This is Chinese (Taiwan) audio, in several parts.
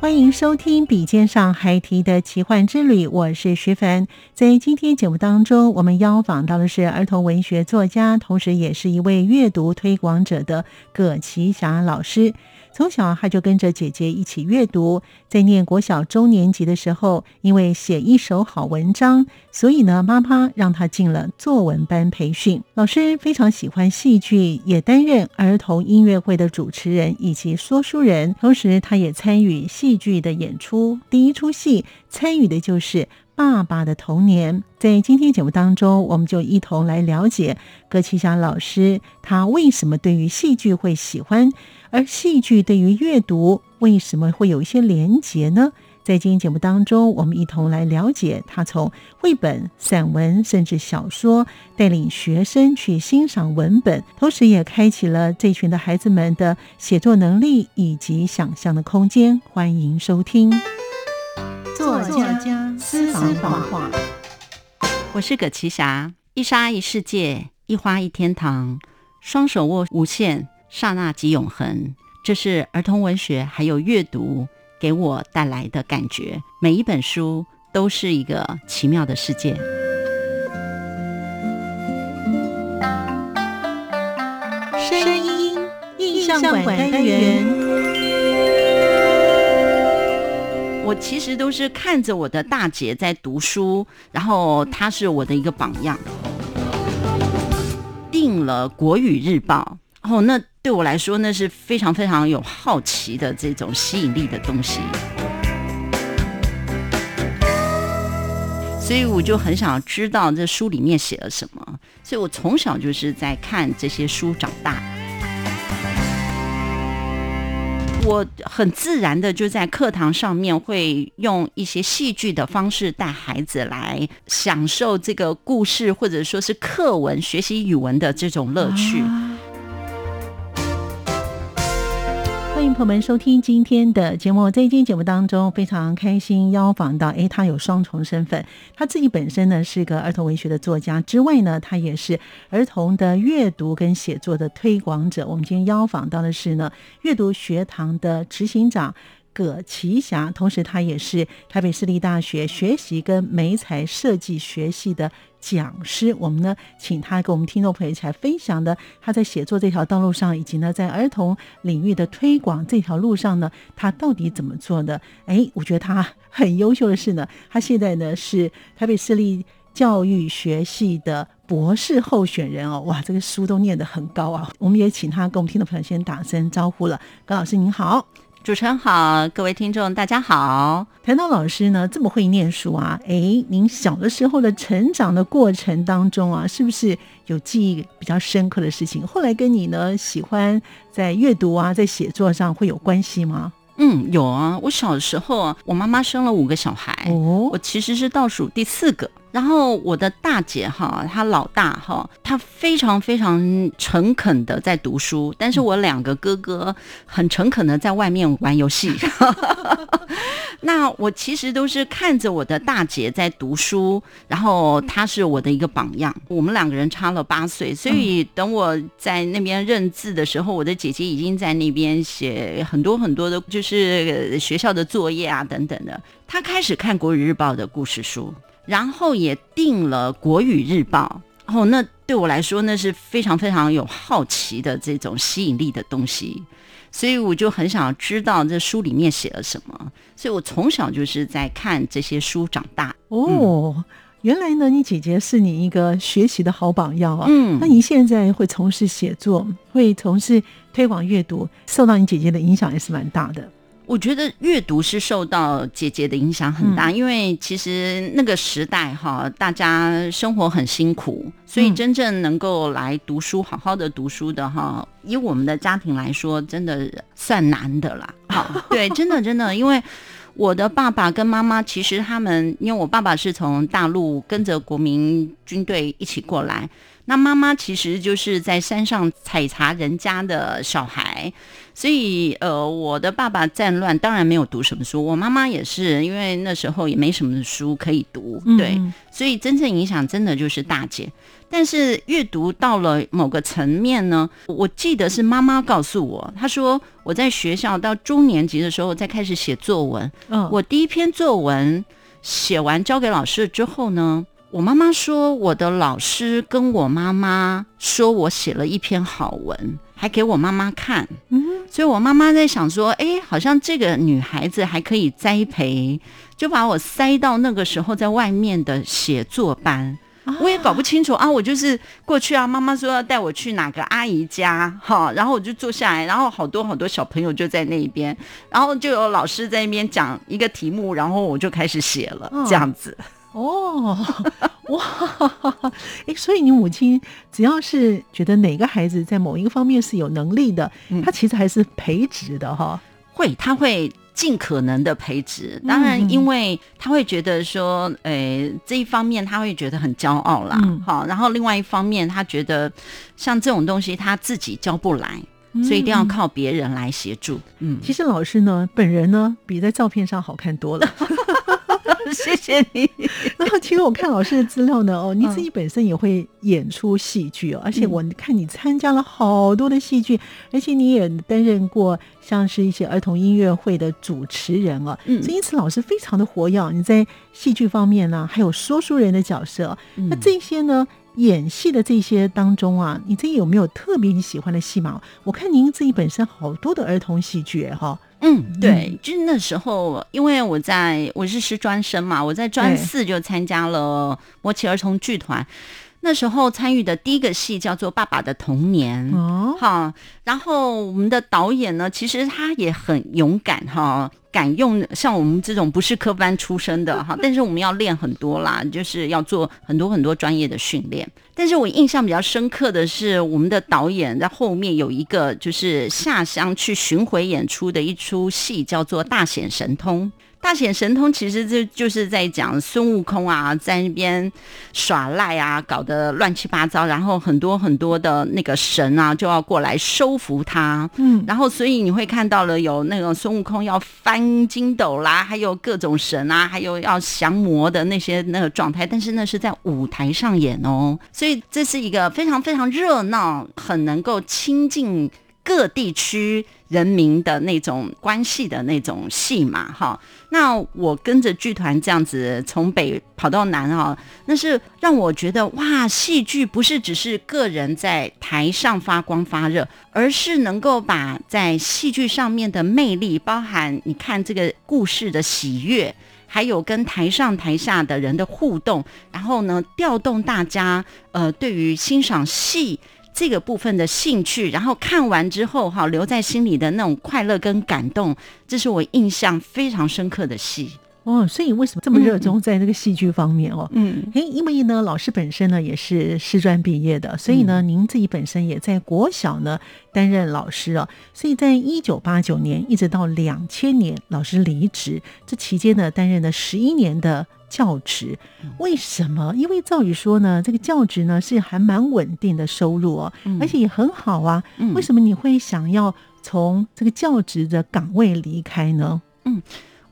歡迎收聽《筆尖上孩提的奇幻之旅》，我是徐凡。在今天節目當中，我們邀訪到的是兒童文學作家，同時也是一位閱讀推廣者的葛琦霞老師。從小他就跟着姐姐一起閱讀，在念國小中年級的時候，因為寫一手好文章，所以呢，媽媽讓他進了作文班培訓。老師非常喜歡戲劇，也擔任兒童音樂會的主持人以及說書人，同時他也參與戲劇的演出。第一齣戲參與的就是。爸爸的童年，在今天節目當中，我們就一同來了解葛琦霞老師他為什麼對於戲劇會喜歡，而戲劇對於閱讀為什麼會有一些連結呢？在今天節目當中，我們一同來了解他從繪本、散文甚至小說，帶領學生去欣賞文本，同時也開啟了這群的孩子們的寫作能力以及想象的空間。歡迎收聽。作家私房話，家思思我是葛琦霞，一沙一世界，一花一天堂，雙手握無限，剎那即永恆。這是兒童文學還有閱讀給我帶來的感覺，每一本書都是一個奇妙的世界。聲音印象館單元。我其實都是看着我的大姐在讀書，然後她是我的一個榜樣。訂了《國語日報》哦，然後那對我來說那是非常非常有好奇的這種吸引力的東西。所以我就很想知道這書裡面寫了什麼，所以我從小就是在看這些書長大。我很自然的就在課堂上面會用一些戲劇的方式帶孩子來享受這個故事，或者說是課文，學習語文的這種樂趣。啊歡迎朋友們收聽今天的節目。在今天節目當中，非常開心邀訪到，誒，他有雙重身份，他自己本身呢是個兒童文學的作家，之外呢，他也是兒童的閱讀跟寫作的推廣者。我們今天邀訪到的是呢，悅讀學堂的執行長。葛琦霞，同時他也是台北市立大學學習跟媒材設計學系的講師。我們呢，請他跟我們聽眾朋友一起來分享的，他在寫作這條道路上，以及呢，在兒童領域的推廣這條路上呢，他到底怎麼做的？哎，我覺得他很優秀的是呢，他現在呢是台北市立教育學系的博士候選人哦。哇，這個書都念得很高啊！我們也請他跟我們聽眾朋友先打聲招呼了，葛老師您好。主持人好，各位聽眾大家好。談到老師呢，這麼會念書啊，哎，您小的時候的成長的過程當中啊，是不是有記憶比較深刻的事情？後來跟你呢，喜歡在閱讀啊，在寫作上會有關係嗎？嗯，有啊。我小的時候啊，我媽媽生了五個小孩，哦，我其實是倒數第四個。然後我的大姐哈，她老大哈，她非常非常誠懇的在讀書，但是我兩個哥哥很誠懇的在外面玩遊戲。 那我其實都是看着我的大姐在讀書，然後她是我的一個榜樣。我們兩個人差了八歲，所以等我在那邊認字的時候，我的姐姐已經在那邊寫很多很多的，就是學校的作業啊等等的。她開始看《國語日報》的故事書。然後也訂了《國語日報》，哦，那對我來說那是非常非常有好奇的這種吸引力的東西，所以我就很想知道這書裡面寫了什麼。所以我從小就是在看這些書長大。哦，嗯，原來呢，你姐姐是你一個學習的好榜樣啊。嗯，那你現在會從事寫作，會從事推廣閱讀，受到你姐姐的影響也是蠻大的。我覺得閱讀是受到姐姐的影響很大，嗯、因為其實那個時代哈，大家生活很辛苦，所以真正能夠來讀書、好好的讀書的哈，以我們的家庭來說，真的算難的啦。啊、對，真的真的， 因為我的爸爸跟媽媽，其實他們，因為我爸爸是從大陸跟着國民軍隊一起過來。那媽媽其實就是在山上採茶人家的小孩，所以呃，我的爸爸戰亂當然沒有讀什麼書，我媽媽也是，因為那時候也沒什麼書可以讀，對，嗯、所以真正影響真的就是大姐。嗯、但是閱讀到了某個層面呢，我記得是媽媽告訴我，她說我在學校到中年級的時候在開始寫作文，嗯、我第一篇作文寫完交給老師之後呢。我媽媽說，我的老師跟我媽媽說我寫了一篇好文，還給我媽媽看。嗯哼，所以我媽媽在想說，誒，好像這個女孩子還可以栽培，就把我塞到那個時候在外面的寫作班。啊、我也搞不清楚啊，我就是過去啊，媽媽說要帶我去哪個阿姨家哈、哦，然後我就坐下來，然後好多好多小朋友就在那邊，然後就有老師在那邊講一個題目，然後我就開始寫了，哦、這樣子。哦，哇，哎、欸，所以你母親只要是覺得哪個孩子在某一個方面是有能力的，她、嗯、其實還是培植的哈，會，她會盡可能的培植。當然，因為她會覺得說，哎，這一方面她會覺得很驕傲啦。好、嗯，然後另外一方面，她覺得像這種東西她自己教不來，嗯、所以一定要靠別人來協助。嗯，其實老師呢，本人呢，比在照片上好看多了。 謝謝你。 然後，其實我看老師的資料呢，哦，你自己本身也會演出戲劇哦，而且我看你參加了好多的戲劇，嗯、而且你也擔任過像是一些兒童音樂會的主持人哦。嗯。所以，因此老師非常的活躍。你在戲劇方面呢，還有說書人的角色，嗯、那這些呢，演戲的這些當中啊，你自己有沒有特別你喜歡的戲碼？我看您自己本身好多的兒童戲劇哈。嗯，對，就那時候，嗯、因為我在我是師專生嘛，我在專四就參加了摩奇兒童劇團。嗯嗯那時候參與的第一個戲叫做《爸爸的童年》哦，哈，然後我們的導演呢，其實他也很勇敢哈，敢用像我們這種不是科班出身的哈，但是我們要練很多啦，就是要做很多很多專業的訓練。但是我印象比較深刻的是，我們的導演在後面有一個就是下鄉去巡迴演出的一出戲，叫做《大顯神通》。大顯神通，其實這就是在講孫悟空啊，在那邊耍賴啊，搞得亂七八糟，然後很多很多的那個神啊，就要過來收服他，嗯，然後所以你會看到了有那個孫悟空要翻筋斗啦，還有各種神啊，還有要降魔的那些那個狀態，但是那是在舞台上演哦，所以這是一個非常非常熱鬧，很能夠親近。各地區人民的那種關係的那種戲嘛，哈，那我跟着劇團這樣子從北跑到南啊，那是讓我覺得哇，戲劇不是只是個人在台上發光發熱，而是能夠把在戲劇上面的魅力，包含你看這個故事的喜悅，還有跟台上台下的人的互動，然後呢，調動大家呃，對於欣賞戲。這個部分的興趣，然後看完之後，哈，留在心裡的那種快樂跟感動，這是我印象非常深刻的戲。哦，所以為什麼這麼熱衷在這個戲劇方面哦？嗯，哎、嗯，hey, 因為呢，老師本身呢也是師專畢業的，所以呢，嗯、您自己本身也在國小呢擔任老師哦。所以在一九八九年一直到兩千年，老師離職這期間呢，擔任了十一年的教職。為什麼？因為趙宇說呢，這個教職呢是還蠻穩定的收入哦，嗯、而且也很好啊。為什麼你會想要從這個教職的崗位離開呢？嗯。嗯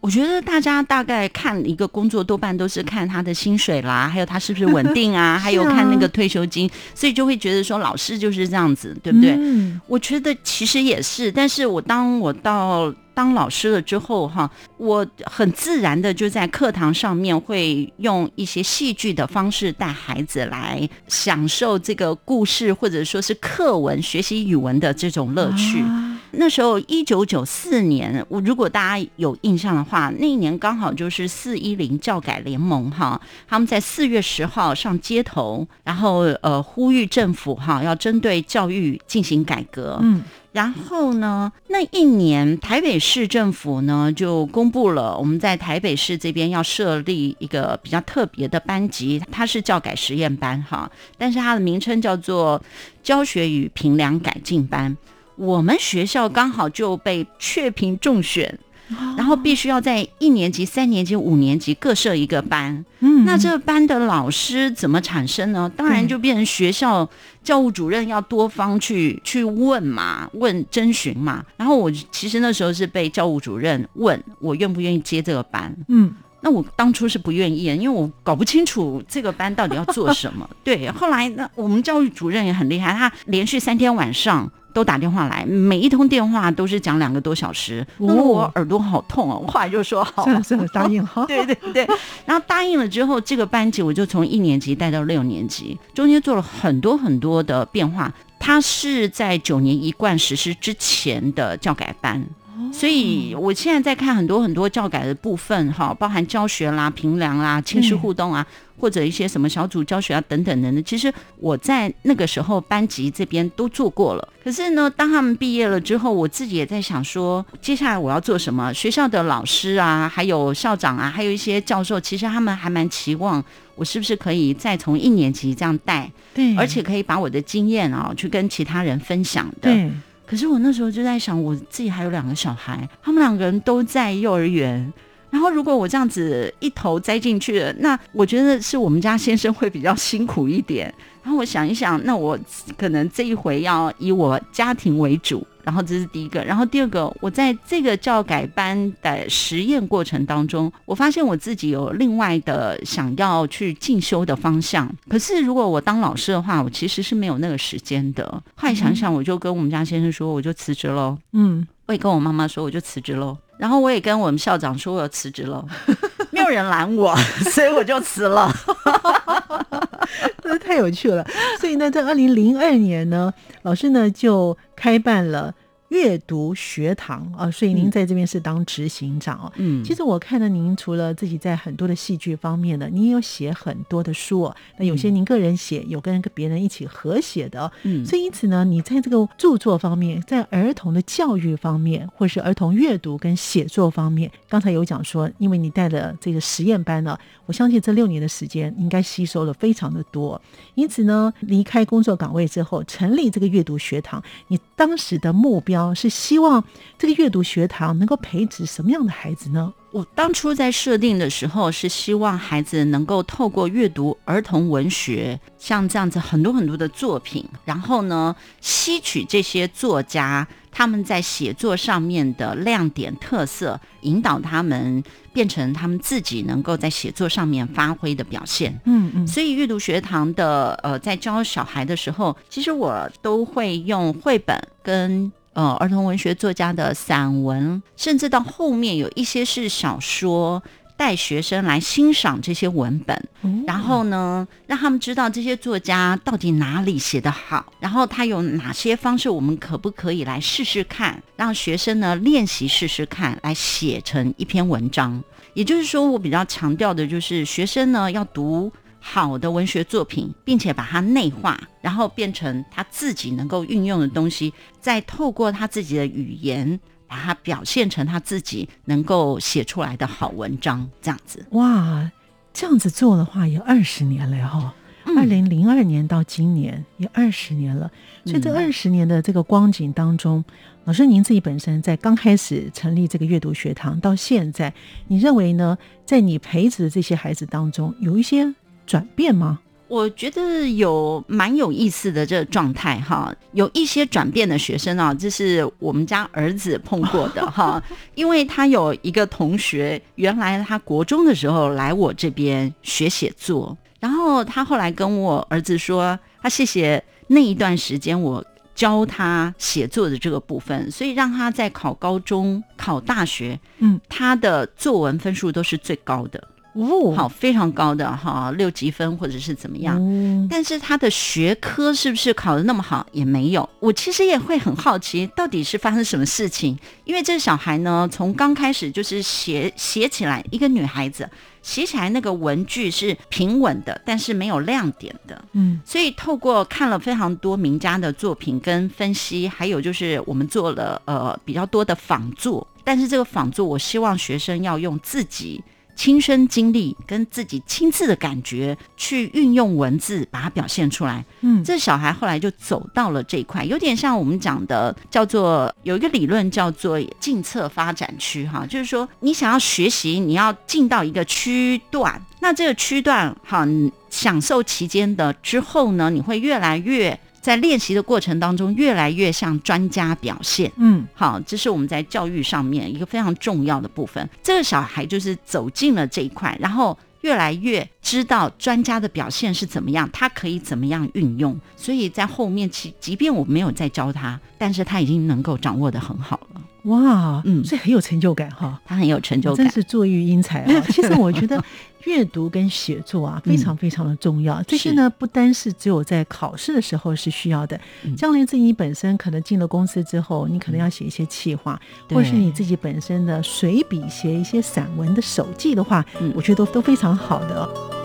我覺得大家大概看一個工作，多半都是看他的薪水啦，還有他是不是穩定啊，還有看那個退休金， 啊、所以就會覺得說老師就是這樣子，對不對？嗯、我覺得其實也是，但是我當我到當老師了之後，哈，我很自然的就在課堂上面會用一些戲劇的方式帶孩子來享受這個故事，或者說是課文，學習語文的這種樂趣。啊那時候，一九九四年，我如果大家有印象的話，那一年剛好就是四一零教改聯盟哈，他們在四月十號上街頭，然後呃呼籲政府哈要針對教育進行改革。嗯，然後呢，那一年台北市政府呢就公布了，我們在台北市這邊要設立一個比較特別的班級，它是教改實驗班哈，但是它的名稱叫做教學與評量改進班。嗯嗯我們學校剛好就被確評中選，然後必須要在一年級、三年級、五年級各設一個班。嗯，那這個班的老師怎麼產生呢？當然就變成學校教務主任要多方去去問嘛，問徵詢嘛。然後我其實那時候是被教務主任問我願不願意接這個班。嗯，那我當初是不願意的，因為我搞不清楚這個班到底要做什麼。 對，後來那我們教育主任也很厲害，他連續三天晚上。都打電話來，每一通電話都是講兩個多小時，我、哦哦、我耳朵好痛哦，我話又說好，算了算了答應了，哦哦、對對對，哦、然後答應了之後，這個班級我就從一年級帶到六年級，中間做了很多很多的變化。它是在九年一貫實施之前的教改班，哦、所以我現在在看很多很多教改的部分哈、哦，包含教學啦、評量啦、親師互動啊。嗯或者一些什麼小組教學啊等等的呢？其實我在那個時候班級這邊都做過了。可是呢，當他們畢業了之後，我自己也在想說，接下來我要做什麼？學校的老師啊，還有校長啊，還有一些教授，其實他們還蠻期望我是不是可以再從一年級這樣帶，對，而且可以把我的經驗啊、哦、去跟其他人分享的。對。可是我那時候就在想，我自己還有兩個小孩，他們兩個人都在幼兒園。然後，如果我這樣子一頭栽進去，那我覺得是我們家先生會比較辛苦一點。然後我想一想，那我可能這一回要以我家庭為主。然後這是第一個，然後第二個，我在這個教改班的實驗過程當中，我發現我自己有另外的想要去進修的方向。可是如果我當老師的話，我其實是沒有那個時間的。後來想想，我就跟我們家先生說，我就辭職嘍。嗯，我也跟我媽媽說，我就辭職嘍。然後我也跟我們校長說我要辭職了， 沒有人攔我，所以我就辭了， 真的太有趣了。所以呢，在二零零二年呢，老師呢就開辦了。閱讀學堂啊、呃，所以您在這邊是當執行長。嗯，其實我看到您除了自己在很多的戲劇方面呢，你也有寫很多的書。那有些您個人寫，嗯、有跟跟別人一起合寫的。嗯，所以因此呢，你在這個著作方面，在兒童的教育方面，或是兒童閱讀跟寫作方面，剛才有講說，因為你帶了這個實驗班呢，我相信這六年的時間應該吸收了非常的多。因此呢，離開工作崗位之後，成立這個閱讀學堂，你。當時的目標是希望這個悅讀學堂能夠培植什麼樣的孩子呢？我當初在設定的時候，是希望孩子能夠透過閱讀兒童文學，像這樣子很多很多的作品，然後呢，吸取這些作家他們在寫作上面的亮點特色，引導他們變成他們自己能夠在寫作上面發揮的表現。嗯嗯，嗯，所以悅讀學堂的呃，在教小孩的時候，其實我都會用繪本跟。呃，兒童文學作家的散文，甚至到後面有一些是小說，帶學生來欣賞這些文本，嗯、然後呢，讓他們知道這些作家到底哪裡寫得好，然後他有哪些方式，我們可不可以來試試看，讓學生呢練習試試看，來寫成一篇文章。也就是說，我比較強調的就是學生呢要讀。好的文學作品，並且把它內化，然後變成他自己能夠運用的東西，嗯、再透過他自己的語言把它表現成他自己能夠寫出來的好文章。這樣子哇，這樣子做的話有二十年了哈、哦，二零零二年到今年有二十年了。嗯、所以這二十年的這個光景當中，嗯、老師您自己本身在剛開始成立這個悅讀學堂到現在，你認為呢？在你培植的這些孩子當中，有一些轉變嗎？我覺得有蠻有意思的這個狀態哈，有一些轉變的學生啊，這、就是我們家兒子碰過的哈， 因為他有一個同學，原來他國中的時候來我這邊學寫作，然後他後來跟我兒子說，他、啊、謝謝那一段時間我教他寫作的這個部分，所以讓他在考高中、考大學，嗯，他的作文分數都是最高的。五、哦、好非常高的哈、哦、六級分或者是怎麼樣，哦、但是他的學科是不是考得那麼好也沒有。我其實也會很好奇到底是發生什麼事情，因為這個小孩呢，從剛開始就是寫寫起來，一個女孩子寫起來那個文句是平穩的，但是沒有亮點的。嗯，所以透過看了非常多名家的作品跟分析，還有就是我們做了呃比較多的仿作，但是這個仿作我希望學生要用自己。親身經歷跟自己親自的感覺，去運用文字把它表現出來。嗯，這小孩後來就走到了這一塊，有點像我們講的叫做有一個理論叫做近側發展區哈，就是說你想要學習，你要進到一個區段，那這個區段哈，你享受期間的之後呢，你會越來越。在練習的過程當中，越來越像專家表現。嗯，好，這是我們在教育上面一個非常重要的部分。這個小孩就是走進了這一塊，然後越來越知道專家的表現是怎麼樣，他可以怎麼樣運用。所以在後面，其即便我沒有再教他，但是他已經能夠掌握得很好了。哇，嗯，所以很有成就感哈。哦，他很有成就感，真是作育英才啊！哦！其實我覺得閱讀跟寫作啊，非常非常的重要。嗯、這些呢，不單是只有在考試的時候是需要的，是將來自己本身可能進了公司之後，你可能要寫一些企劃，嗯、或是你自己本身的隨筆寫一些散文的手記的話，嗯、我覺得都都非常好的。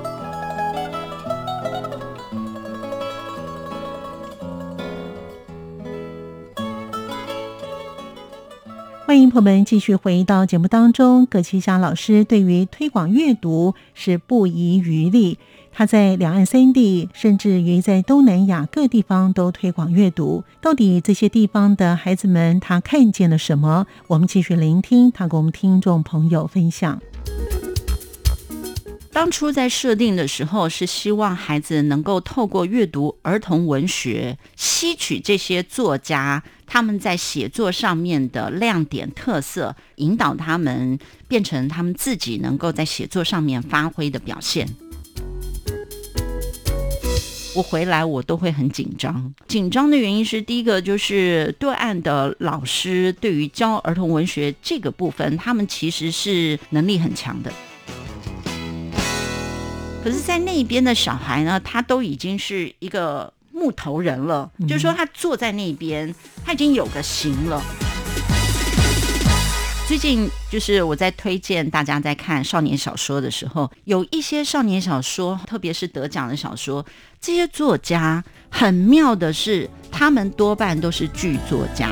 歡迎朋友們繼續回到節目當中。葛琦霞老師對於推廣閱讀是不遺餘力，他在兩岸三地，甚至於在東南亞各地方都推廣閱讀。到底這些地方的孩子們，他看見了什麼？我們繼續聆聽他跟我們聽眾朋友分享。當初在設定的時候，是希望孩子能夠透過閱讀兒童文學，吸取這些作家他們在寫作上面的亮點特色，引導他們變成他們自己能夠在寫作上面發揮的表現。我回來我都會很緊張，緊張的原因是，第一個就是對岸的老師對於教兒童文學這個部分，他們其實是能力很強的。可是，在那邊的小孩呢，他都已經是一個木頭人了，嗯，就是說，他坐在那邊，他已經有個形了。最近，就是我在推薦大家在看少年小說的時候，有一些少年小說，特別是得獎的小說，這些作家很妙的是，他們多半都是劇作家。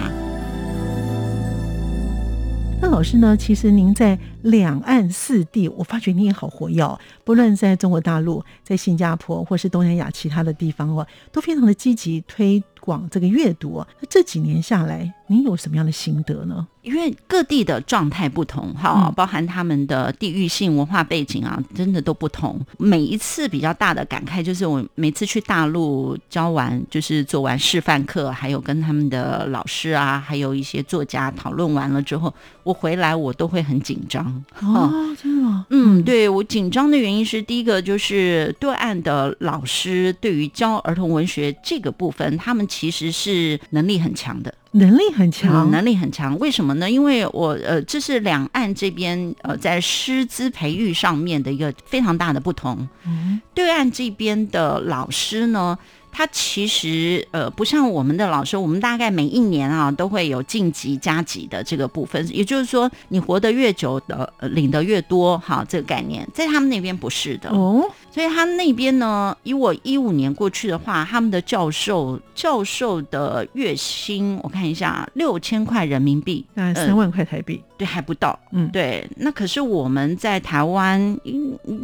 那老師呢？其實您在，兩岸四地，我發覺你也好活躍哦。不論在中國大陸、在新加坡或是東南亞其他的地方哦，都非常的積極推廣這個閱讀。那這幾年下來，你有什麼樣的心得呢？因為各地的狀態不同，哈，包含他們的地域性文化背景啊，真的都不同。每一次比較大的感慨就是，我每次去大陸教完，就是做完示範課，還有跟他們的老師啊，還有一些作家討論完了之後，我回來我都會很緊張。嗯、哦，真的嗎？嗯，對，我緊張的原因是，第一個就是對岸的老師對於教兒童文學這個部分，他們其實是能力很強的，能力很強，能力很強。為什麼呢？因為我呃，這是兩岸這邊呃，在師資培育上面的一個非常大的不同。嗯、對岸這邊的老師呢？他其實呃，不像我們的老師，我們大概每一年啊都會有晉級加級的這個部分，也就是說，你活得越久，呃，領得越多，哈，這個概念在他們那邊不是的。哦所以他那邊呢，以我一五年過去的話，他們的教授教授的月薪，我看一下，六千塊人民幣，那三萬塊台幣，嗯，對，還不到，嗯，對。那可是我們在台灣，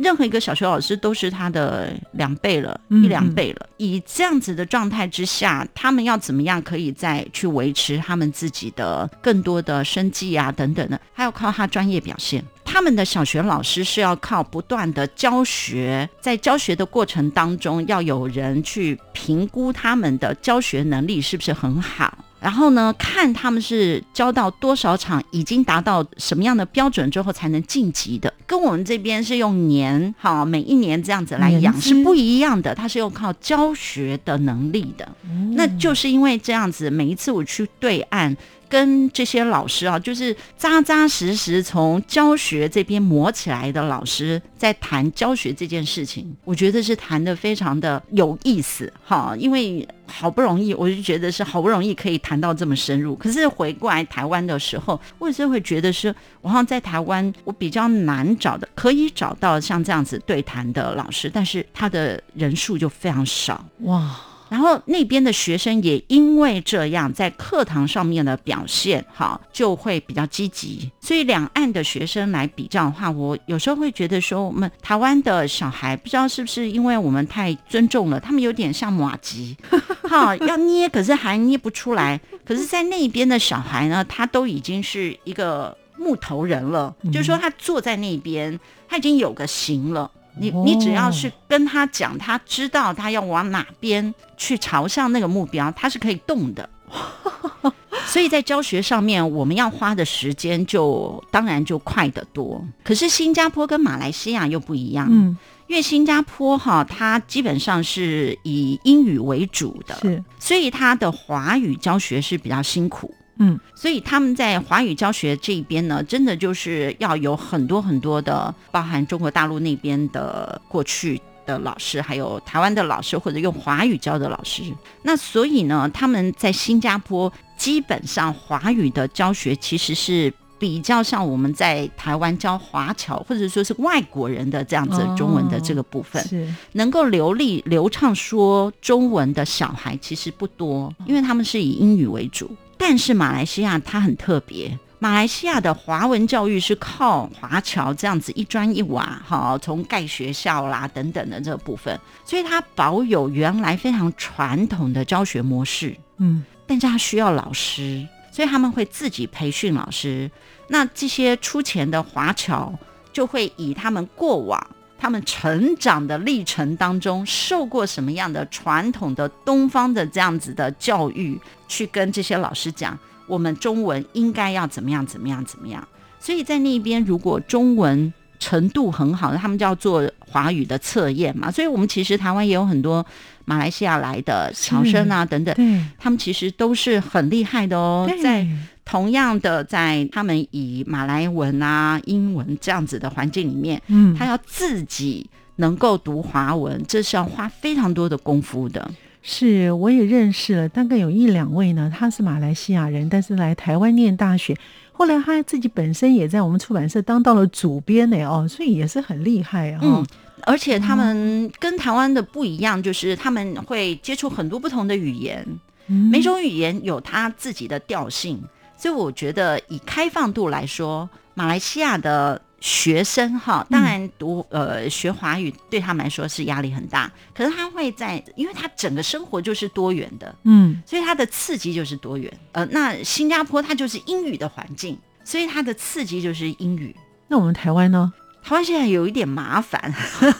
任何一個小學老師都是他的兩倍了，嗯嗯一兩倍了。以這樣子的狀態之下，他們要怎麼樣可以再去維持他們自己的更多的生計啊等等的，還要靠他專業表現。他們的小學老師是要靠不斷的教學，在教學的過程當中，要有人去評估他們的教學能力是不是很好，然後呢，看他們是教到多少場，已經達到什麼樣的標準之後才能晉級的，跟我們這邊是用年，哈、哦，每一年這樣子來養，年輕，是不一樣的，他是用靠教學的能力的，嗯、那就是因為這樣子，每一次我去對岸。跟這些老師啊，就是扎扎實實從教學這邊磨起來的老師，在談教學這件事情，我覺得是談得非常的有意思哈。因為好不容易，我就覺得是好不容易可以談到這麼深入。可是回過來台灣的時候，我有時候會覺得是，我好像在台灣我比較難找的，可以找到像這樣子對談的老師，但是他的人數就非常少哇。然後那邊的學生也因為這樣，在課堂上面的表現，哈，就會比較積極。所以兩岸的學生來比較的話，我有時候會覺得說，我們台灣的小孩，不知道是不是因為我們太尊重了，他們有點像麻糬，哈， 要捏可是還捏不出來。可是，在那邊的小孩呢，他都已經是一個木頭人了，嗯、就是說他坐在那邊，他已經有個形了。你你只要是跟他講，他知道他要往哪邊去，朝向那個目標，他是可以動的。哦。所以在教學上面，我們要花的時間就當然就快得多。可是新加坡跟馬來西亞又不一樣，嗯，因為新加坡哈，它基本上是以英語為主的。是所以它的華語教學是比較辛苦。嗯，所以他們在華語教學這一邊呢，真的就是要有很多很多的，包含中國大陸那邊的過去的老師，還有台灣的老師，或者用華語教的老師。是那所以呢，他們在新加坡基本上華語的教學其實是比較像我們在台灣教華僑或者說是外國人的這樣子中文的這個部分，哦、是能夠流利流暢說中文的小孩其實不多，因為他們是以英語為主。但是馬來西亞它很特別，馬來西亞的華文教育是靠華僑這樣子一磚一瓦，好，從蓋學校啦等等的這個部分，所以它保有原來非常傳統的教學模式。嗯，但是它需要老師，所以他們會自己培訓老師。那這些出錢的華僑就會以他們過往。他們成長的歷程當中，受過什麼樣的傳統的東方的這樣子的教育，去跟這些老師講，我們中文應該要怎麼樣，怎麼樣，怎麼樣。所以在那邊，如果中文程度很好，他們就要做華語的測驗嘛。所以，我們其實台灣也有很多馬來西亞來的僑生啊、等等，他們其實都是很厲害的哦，對在。同樣的，在他們以馬來文啊、英文這樣子的環境裡面，嗯，他要自己能夠讀華文，這是要花非常多的功夫的。是，我也認識了大概有一兩位呢，他是馬來西亞人，但是來台灣念大學，後來他自己本身也在我們出版社當到了主編誒哦，所以也是很厲害啊、哦嗯。而且他們跟台灣的不一樣，嗯、就是他們會接觸很多不同的語言，嗯、每種語言有他自己的調性。所以我覺得，以開放度來說，馬來西亞的學生哈，當然讀、嗯、呃學華語對他們來說是壓力很大，可是他會在，因為他整個生活就是多元的，嗯，所以他的刺激就是多元。呃，那新加坡它就是英語的環境，所以它的刺激就是英語。那我們台灣呢？台灣現在有一點麻煩。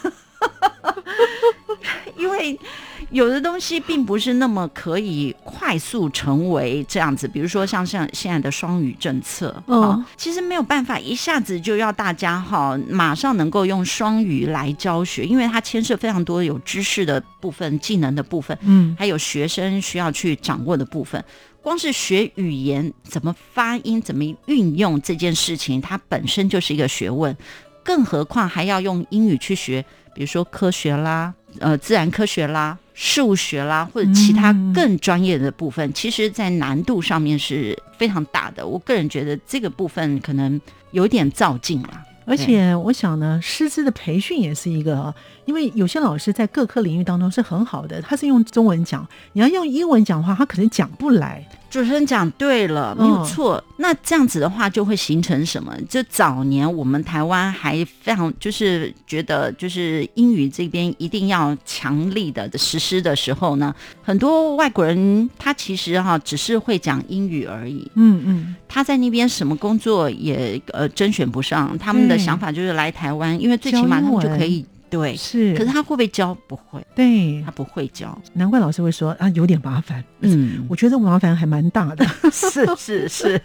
因為有的東西並不是那麼可以快速成為這樣子，比如說像像現在的雙語政策，啊、哦，其實沒有辦法一下子就要大家哈馬上能夠用雙語來教學，因為它牽涉非常多有知識的部分、技能的部分，嗯，還有學生需要去掌握的部分。嗯，光是學語言怎麼發音、怎麼運用這件事情，它本身就是一個學問，更何況還要用英語去學，比如說科學啦。呃，自然科學啦、數學啦，或者其他更專業的部分，嗯、其實在難度上面是非常大的。我個人覺得這個部分可能有點躁進了，而且我想呢，師資的培訓也是一個，因為有些老師在各科領域當中是很好的，他是用中文講，你要用英文講的話，他可能講不來。主持人講對了，沒有錯。哦、那這樣子的話，就會形成什麼？就早年我們台灣還非常就是覺得，就是英語這邊一定要強力的實施的時候呢，很多外國人他其實哈，只是會講英語而已。嗯嗯，嗯他在那邊什麼工作也呃甄選不上，他們的想法就是來台灣，嗯、因為最起碼他們就可以。對，是。可是他會不會教？不會。對，他不會教，難怪老師會說啊，有點麻煩。嗯，我覺得這麻煩還蠻大的。是 是是。是是，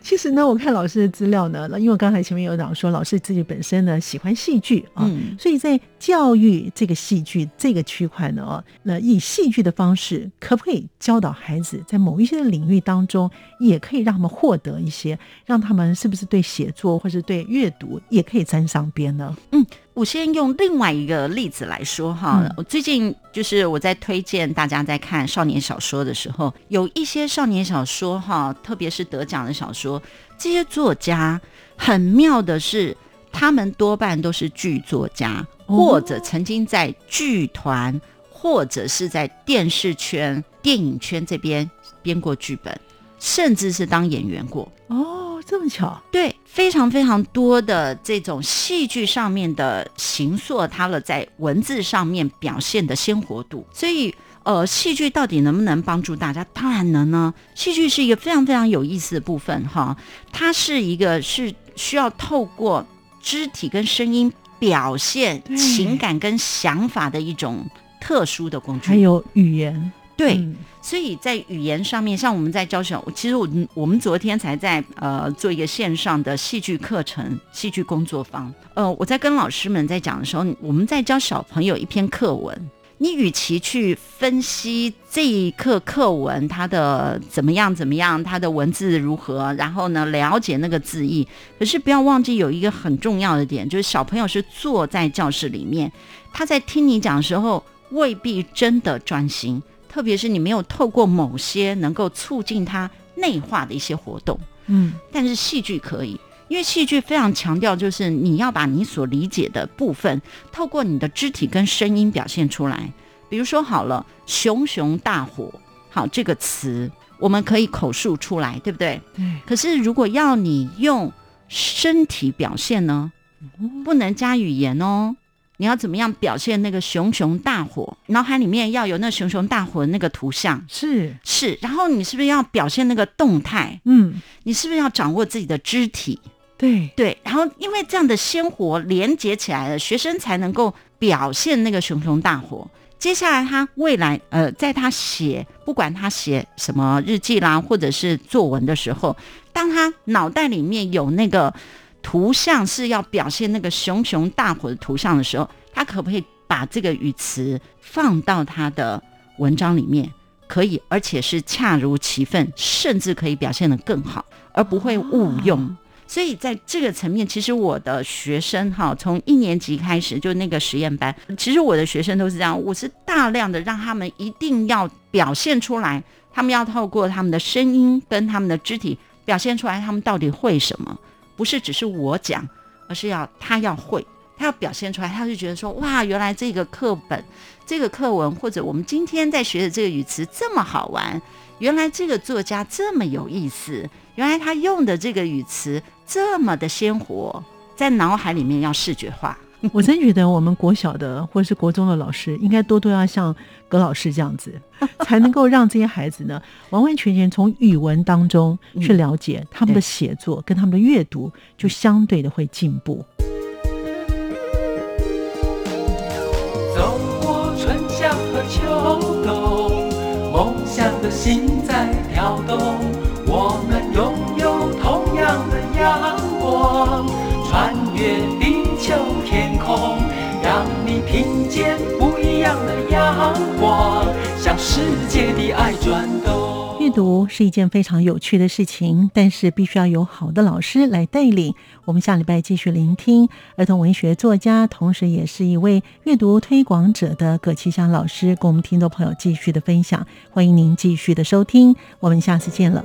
其實呢，我看老師的資料呢，那因為剛才前面有講說，老師自己本身呢喜歡戲劇啊，哦，嗯，所以在教育這個戲劇這個區塊呢，那以戲劇的方式，可不可以教導孩子在某一些領域當中，也可以讓他們獲得一些，讓他們是不是對寫作或是對閱讀也可以沾上邊呢？嗯。我先用另外一個例子來說哈，我最近就是我在推薦大家在看少年小說的時候，有一些少年小說哈，特別是得獎的小說，這些作家很妙的是，他們多半都是劇作家，或者曾經在劇團，哦，或者是在電視圈、電影圈這邊編過劇本，甚至是當演員過哦。這麼巧，對，非常非常多的這種戲劇上面的形塑，它了在文字上面表現的鮮活度，所以呃，戲劇到底能不能幫助大家？當然能呢、啊。戲劇是一個非常非常有意思的部分，哈，它是一個是需要透過肢體跟聲音表現情感跟想法的一種特殊的工具，還有語言，對。嗯所以在語言上面，像我們在教小，其實我我們昨天才在呃做一個線上的戲劇課程、戲劇工作坊。呃，我在跟老師們在講的時候，我們在教小朋友一篇課文，你與其去分析這一課課文它的怎麼樣怎麼樣，它的文字如何，然後呢了解那個字意。可是不要忘記有一個很重要的點，就是小朋友是坐在教室裡面，他在聽你講的時候未必真的專心。特別是你沒有透過某些能夠促進它內化的一些活動，嗯，但是戲劇可以，因為戲劇非常強調就是，你要把你所理解的部分透過你的肢體跟聲音表現出來。比如說好了，熊熊大火，好，這個詞我們可以口述出來，對不對？對、嗯。可是如果要你用身體表現呢，不能加語言哦。你要怎麼樣表現那個熊熊大火？腦海裡面要有那熊熊大火的那個圖像，是是。然後你是不是要表現那個動態？嗯，你是不是要掌握自己的肢體？對對。然後因為這樣的鮮活連接起來了，學生才能夠表現那個熊熊大火。接下來他未來呃，在他寫不管他寫什麼日記啦，或者是作文的時候，當他腦袋裡面有那個。圖像是要表現那個熊熊大火的圖像的時候，他可不可以把這個語詞放到他的文章裡面？可以，而且是恰如其分，甚至可以表現得更好，而不會誤用。所以在這個層面，其實我的學生哈，從一年級開始就那個實驗班，其實我的學生都是這樣。我是大量的讓他們一定要表現出來，他們要透過他們的聲音跟他們的肢體表現出來，他們到底會什麼。不是只是我講，而是要他要會，他要表現出來。他就覺得說，哇，原來這個課本、這個課文，或者我們今天在學的這個語詞這麼好玩，原來這個作家這麼有意思，原來他用的這個語詞這麼的鮮活，在腦海裡面要視覺化。 我真覺得，我們國小的或者是國中的老師，應該多多要像葛老師這樣子， 才能夠讓這些孩子呢，完完全全從語文當中去了解他們的寫作跟他們的閱讀，就相對的會進步。嗯、走過春夏和秋冬，夢想的的心在跳動，我們擁有同樣的陽光，穿越。閱讀是一件非常有趣的事情，但是必須要有好的老師來帶領。我們下禮拜繼續聆聽兒童文學作家，同時也是一位閱讀推廣者的葛琦霞老師，跟我們聽眾朋友繼續的分享。歡迎您繼續的收聽，我們下次見了。